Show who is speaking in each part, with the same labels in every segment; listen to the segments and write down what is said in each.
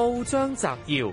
Speaker 1: 報章摘要：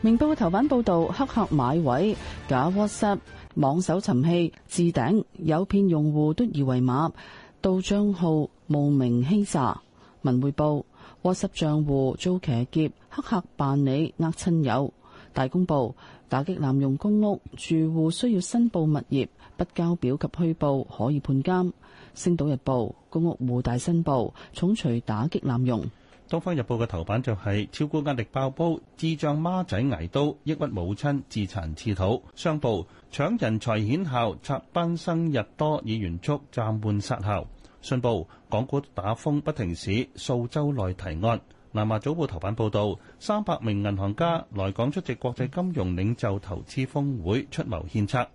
Speaker 1: 明報嘅頭版報道，黑客買位假 WhatsApp 網搜尋器置頂，有騙用戶奪二維碼盜賬號冒名欺詐。文匯報 WhatsApp 賬戶遭騎劫，黑客扮你呃親友。大公報，打擊濫用公屋，住戶需要申報物業，不交表及虛報，可以判監。星島日報，公屋戶大申報，重錘打擊濫用。
Speaker 2: 東方日報嘅頭版就係超高壓力爆煲，智障孖仔挨刀，抑鬱母親自殘刺肚。商報搶人才顯效，插班生日多以完足暫緩殺校。信報港股打風不停市，數週內提案。南華早報頭版報道，三百名銀行家來港出席國際金融領袖投資峰會，出謀獻策。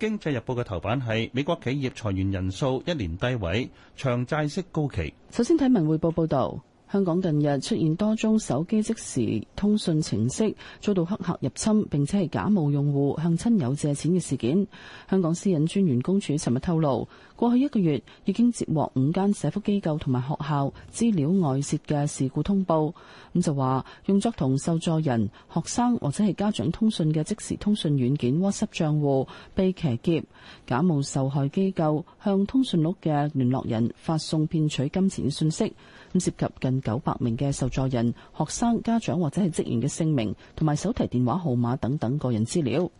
Speaker 2: 經濟日報嘅頭版係美國企業裁員人數一年低位，長債息高企。
Speaker 1: 首先睇文匯報報道。香港近日出現多宗手機即時通訊程式遭到黑客入侵，並且係假冒用戶向親友借錢嘅事件。香港私隱專員公署尋日透露，過去一個月已經接獲五間社福機構同埋學校資料外洩嘅事故通報。咁就話用作同受助人、學生或者係家長通訊嘅即時通訊軟件 WhatsApp 賬戶被騎劫，假冒受害機構向通訊錄嘅聯絡人發送騙取金錢嘅信息。咁涉及近九百名嘅受助人、學生、家長或者係職員嘅姓名同埋手提電話號碼等等個人資料。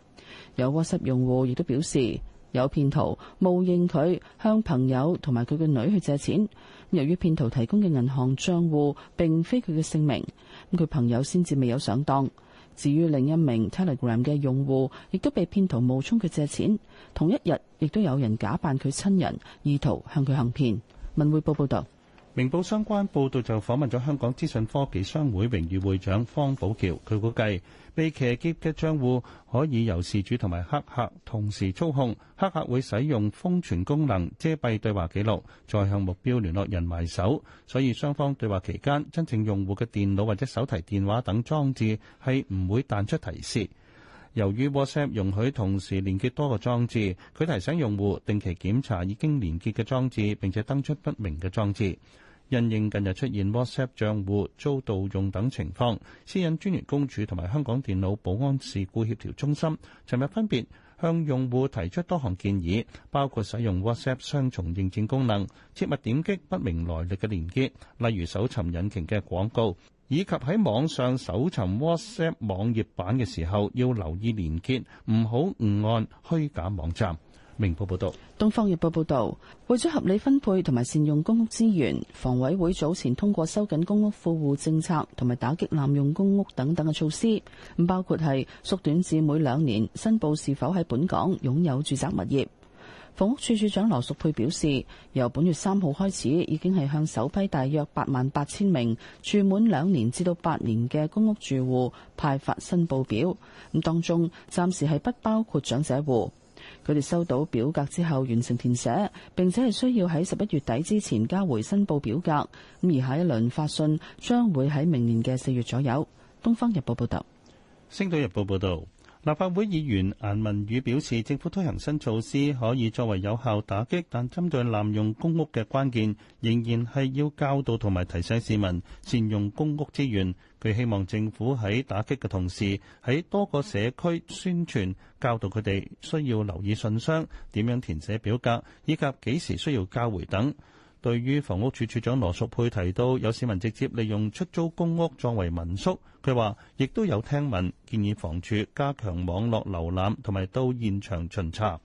Speaker 1: 有 WhatsApp 用戶亦都表示有騙徒冒認佢向朋友同埋佢嘅女去借錢，由於騙徒提供嘅銀行賬戶並非佢嘅姓名，咁佢朋友先至未有上當。至於另一名 Telegram 嘅用戶亦都被騙徒冒充佢借錢，同一日亦都有人假扮佢親人，意圖向佢行騙。文匯報報道。
Speaker 2: 明報相關報導就訪問咗香港資訊科技商會榮譽會長方寶橋，佢估計被騎劫嘅帳戶可以由事主同埋黑客同時操控，黑客會使用封存功能遮蔽對話記錄，再向目標聯絡人埋手，所以雙方對話期間真正用戶嘅電腦或者手提電話等裝置係唔會彈出提示。由於 WhatsApp 容許同時連結多個裝置，佢提醒用戶定期檢查已經連結嘅裝置，並且登出不明嘅裝置。因應近日出現 WhatsApp 賬戶遭盜用等情況，私隱專員公署同埋香港電腦保安事故協調中心，尋日分別向用戶提出多項建議，包括使用 WhatsApp 雙重認證功能，切勿點擊不明來歷嘅連結，例如搜尋引擎嘅廣告。以及喺網上搜尋 WhatsApp 網頁版嘅時候，要留意連結，唔好誤按虛假網站。明報報道：
Speaker 1: 東方日報報道，為咗合理分配同埋善用公屋資源，房委會早前通過收緊公屋富戶政策同埋打擊濫用公屋等等嘅措施，咁包括係縮短至每兩年申報是否喺本港擁有住宅物業。房屋署署長羅淑佩表示，由本月三號開始，已經係向首批大約八萬八千名住滿兩年至到八年嘅公屋住戶派發申報表。咁當中暫時係不包括長者戶。佢哋收到表格之後，完成填寫，並且係需要喺十一月底之前交回申報表格。咁而下一輪發信將會喺明年嘅四月左右。東方日報報道，
Speaker 2: 星島日報報道。立法會議員顏文宇表示，政府推行新措施可以作為有效打擊，但針對濫用公屋嘅關鍵，仍然係要教導同埋提醒市民善用公屋資源。佢希望政府喺打擊嘅同時，喺多個社區宣傳、教導佢哋需要留意信箱、點樣填寫表格，以及幾時需要交回等。對於房屋署署長羅淑佩提到，有市民直接利用出租公屋作為民宿，佢話亦都有聽聞建議房署加強網絡瀏覽同埋到現場巡查。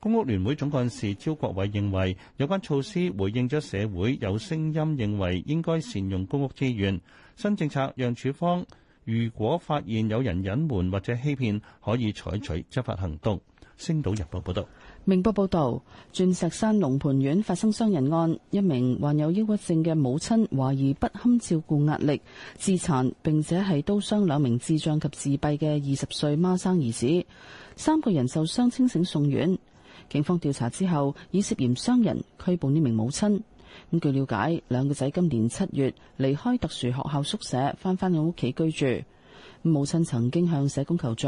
Speaker 2: 公屋聯會總幹事招國偉認為，有關措施回應咗社會有聲音認為應該善用公屋資源。新政策讓處方如果發現有人隱瞞或者欺騙，可以採取執法行動。星島日報報道，
Speaker 1: 明報報道，鑽石山龍蟠苑發生傷人案，一名患有抑鬱症嘅母親懷疑不堪照顧壓力自殘，並且係刀傷兩名智障及自閉嘅二十歲孖生兒子，三個人受傷清醒送院，警方調查之後以涉嫌傷人拘捕呢名母親。咁據了解，兩個仔今年七月離開特殊學校宿舍，翻返響屋企居住。母親曾經向社工求助，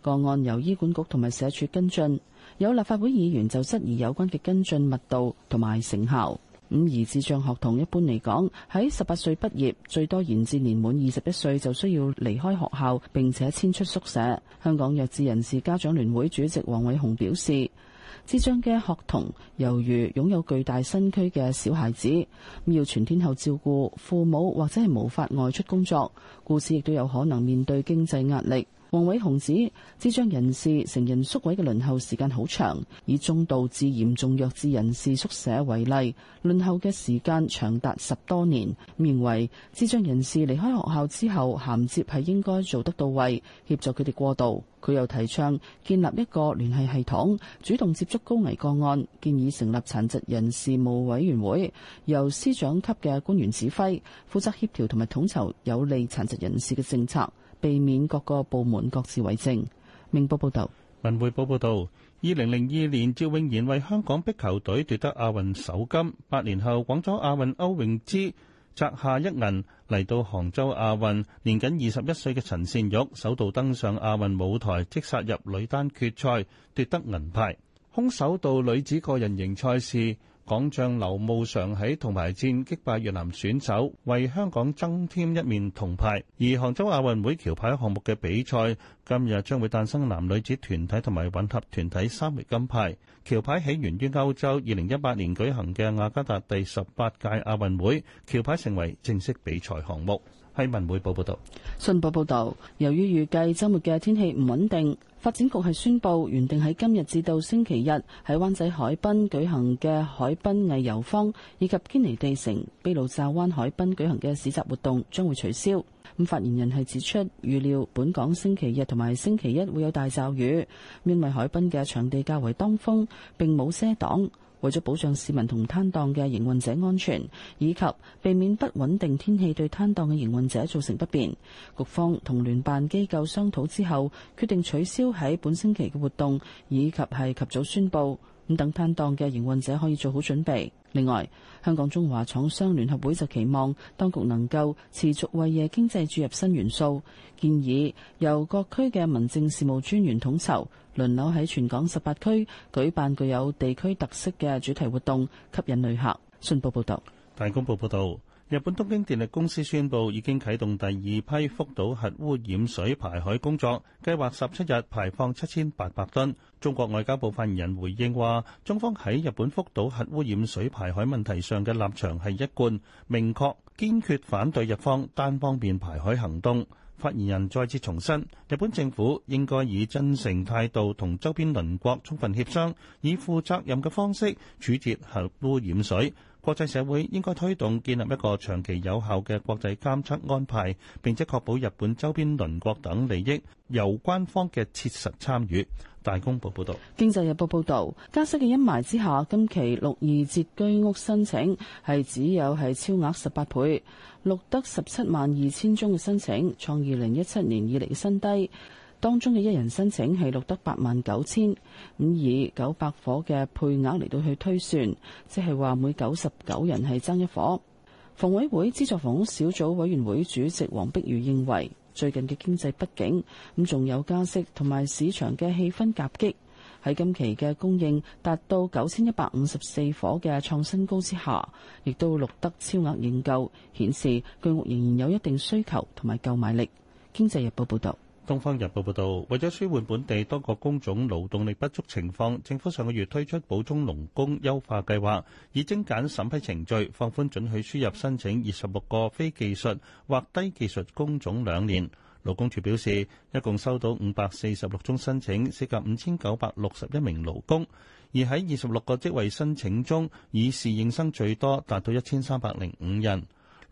Speaker 1: 個案由醫管局同埋社署跟進，有立法會議員就質疑有關嘅跟進密度同埋成效。而智障學童一般嚟講，喺十八歲畢業，最多延至年滿二十一歲就需要離開學校並且遷出宿舍。香港弱智人士家長聯會主席黃偉雄表示。智障嘅學童，猶如擁有巨大身軀嘅小孩子，要全天候照顧父母，或者係無法外出工作，故此亦都有可能面對經濟壓力。黃偉雄指智障人士成人宿位嘅輪候時間好長，以中度至嚴重弱智人士宿舍為例，輪候嘅時間長達十多年。認為智障人士離開學校之後銜接係應該做得到位，協助佢哋過渡。佢又提倡建立一個聯繫系統，主動接觸高危個案，建議成立殘疾人事務委員會，由司長級嘅官員指揮，負責協調同埋統籌有利殘疾人士嘅政策。避免各個部門各自為政。明報報道，
Speaker 2: 文匯報報道，二零零二年趙詠賢為香港壁球隊奪得亞運首金。八年後，廣州亞運，歐詠芝摘下一銀，嚟到杭州亞運，年僅二十一歲嘅陳善玉首度登上亞運舞台，即殺入女單決賽，奪得銀牌。空手道女子個人型賽事。港將劉慕常喺銅牌戰擊敗越南選手，為香港增添一面銅牌。而杭州亞運會橋牌項目嘅比賽今日將會誕生男女子團體同埋混合團體三枚金牌。橋牌起源於歐洲，二零一八年舉行嘅雅加達第十八屆亞運會，橋牌成為正式比賽項目。喺文匯報報道，
Speaker 1: 信報報道，由於預計周末嘅天氣唔穩定。發展局係宣布，原定喺今日至到星期日喺灣仔海濱舉行嘅海濱藝遊坊以及堅尼地城、卑路乍灣海濱舉行嘅市集活動將會取消。咁發言人係指出，預料本港星期日同埋星期一會有大驟雨，因為海濱嘅場地較為當風，並冇遮擋。為咗保障市民同攤檔嘅營運者安全，以及避免不穩定天氣對攤檔嘅營運者造成不便，局方同聯辦機構商討之後，決定取消喺本星期嘅活動，以及係及早宣布，咁等攤檔嘅營運者可以做好準備。另外，香港中華廠商聯合會就期望當局能夠持續為夜經濟注入新元素，建議由各區嘅民政事務專員統籌輪流喺全港十八區舉辦具有地區特色嘅主題活動，吸引旅客。信報報道，
Speaker 2: 大公報報道。日本東京電力公司宣布已經啟動第二批福島核污染水排海工作，計劃十七日排放七千八百噸。中國外交部發言人回應話，中方喺日本福島核污染水排海問題上嘅立場係一貫、明確、堅決反對日方單方面排海行動。發言人再次重申，日本政府應該以真誠態度同周邊鄰國充分協商，以負責任嘅方式處置核污染水。國際社會應該推動建立一個長期有效嘅國際監測安排，並且確保日本周邊鄰國等利益由官方嘅切實參與。大公報報道，
Speaker 1: 《經濟日報》報道，加息嘅陰霾之下，今期六二折居屋申請係只有係超額十八倍，錄得十七萬二千宗嘅申請，創二零一七年以嚟嘅新低。當中嘅一人申請係錄得八萬九千咁，以九百伙嘅配額嚟到去推算，即係話每九十九人係爭一伙。房委會資助房屋小組委員會主席黃碧如認為，最近嘅經濟不景咁，仲有加息同埋市場嘅氣氛夾擊，喺今期嘅供應達到九千一百五十四伙嘅創新高之下，亦都錄得超額認購，顯示居屋仍然有一定需求同埋購買力。經濟日報報導。
Speaker 2: 《東方日報》報導，為咗舒緩本地多個工種勞動力不足情況，政府上個月推出補充勞工優化計劃，以精簡審批程序，放寬准許輸入申請二十六個非技術或低技術工種兩年。勞工處表示，一共收到五百四十六宗申請，涉及五千九百六十一名勞工，而喺二十六個職位申請中，以侍應生最多，達到一千三百零五人。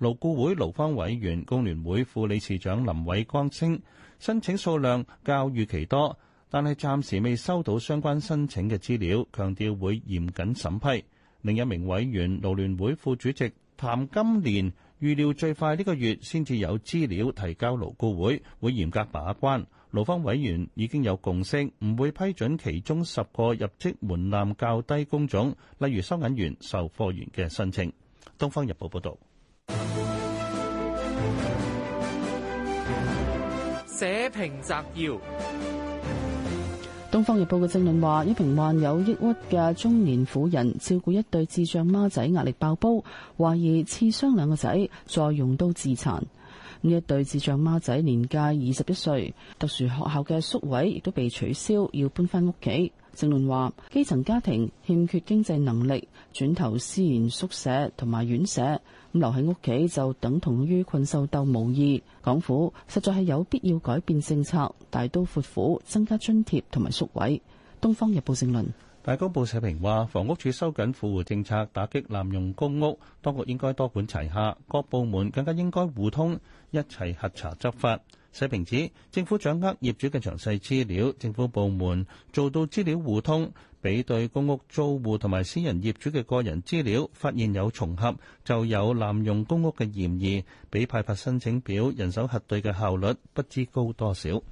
Speaker 2: 勞顧會勞方委員工聯會副理事長林偉光稱，申請數量較預期多，但係暫時未收到相關申請嘅資料，強調會嚴謹審批。另一名委員勞聯會副主席譚金蓮預料最快呢個月先至有資料提交勞顧會，會嚴格把關。勞方委員已經有共識，唔會批准其中十個入職門檻較，較低工種，例如收銀員、售貨員嘅申請。東方日報報道。社評摘要：
Speaker 1: 東方日報嘅評論話，一名患有抑鬱嘅中年婦人照顧一對智障孖仔，壓力爆煲，懷疑刺傷兩個仔，再用刀自殘。呢一對智障孖仔年屆二十一歲，特殊學校嘅宿位亦都被取消，要搬返屋企。政論話基層家庭欠缺經濟能力，轉投私營宿舍同埋院舍，咁留喺屋企就等同於困獸鬥無異。港府實在係有必要改變政策，大刀闊斧增加津貼同埋宿位。東方日報政論。
Speaker 2: 大公報社評話房屋署收緊富戶政策，打擊濫用公屋，當局應該多管齊下，各部門更加應該互通一齊核查執法。社評指政府掌握業主嘅詳細資料，政府部門做到資料互通，比對公屋租戶同埋私人業主嘅個人資料，發現有重合就有濫用公屋嘅嫌疑，比派發申請表人手核對嘅效率不知高多少。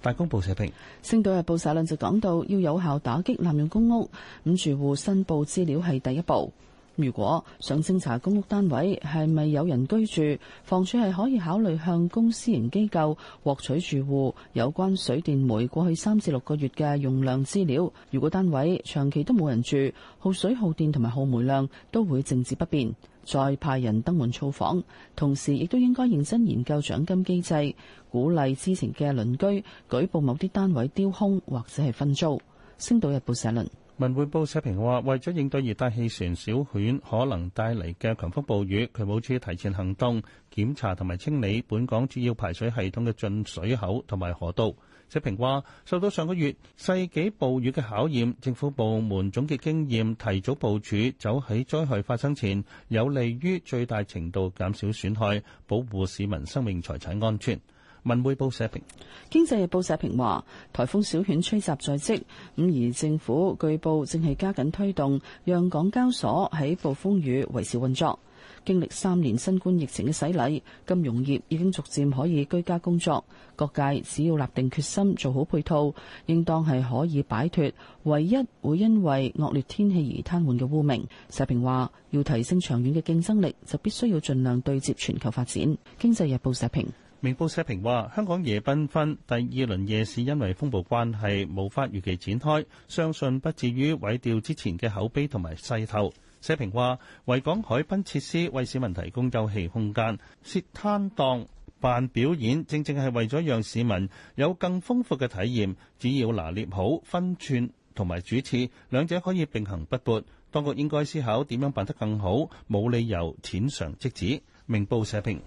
Speaker 2: 大公報社評，
Speaker 1: 《星島日報》社論就講到，要有效打擊濫用公屋，咁住戶申報資料係第一步。如果想偵查公屋單位係咪有人居住，房署係可以考慮向公私營機構獲取住戶有關水電煤過去三至六個月嘅用量資料。如果單位長期都冇人住，耗水、耗電同埋耗煤量都會靜止不變，再派人登門造訪。同時亦都應該認真研究獎金機制，鼓勵之前嘅鄰居舉報某啲單位丟空或者係
Speaker 2: 分租。星島日報社論。文匯報社評話，為咗應對熱帶氣旋小犬可能帶嚟嘅強風暴雨，渠務署提前行動檢查同埋清理本港主要排水系統嘅進水口同埋河道。社評話，受到上個月世紀暴雨嘅考驗，政府部門總結經驗，提早部署，走喺災害發生前，有利於最大程度減少損害，保護市民生命財產安全。文匯報社評：經濟日報社評話，颱風小犬吹襲
Speaker 1: 在即，咁而政府據報正係加緊推動，讓港交所喺暴風雨維持運作。經歷三年新冠疫情嘅洗禮，金融業已經逐漸可以居家工作。各界只要立定決心，做好配套，應當係可以擺脱唯一會因為惡劣天氣而癱瘓嘅污名。社評話，要提升長遠嘅競爭力，就必須要盡量對接全球發展。經濟日報社評。
Speaker 2: 明報社評話：香港夜繽紛第二輪夜市因為風暴關係無法如期展開，相信不至於毀掉之前嘅口碑同埋勢頭。社評話：維港海濱設施為市民提供休憩空間，設攤檔辦表演，正正係為咗讓市民有更豐富嘅體驗。只要拿捏好分寸同埋主次，兩者可以並行不悖。當局應該思考點樣辦得更好，冇理由淺嘗即止。明報社評。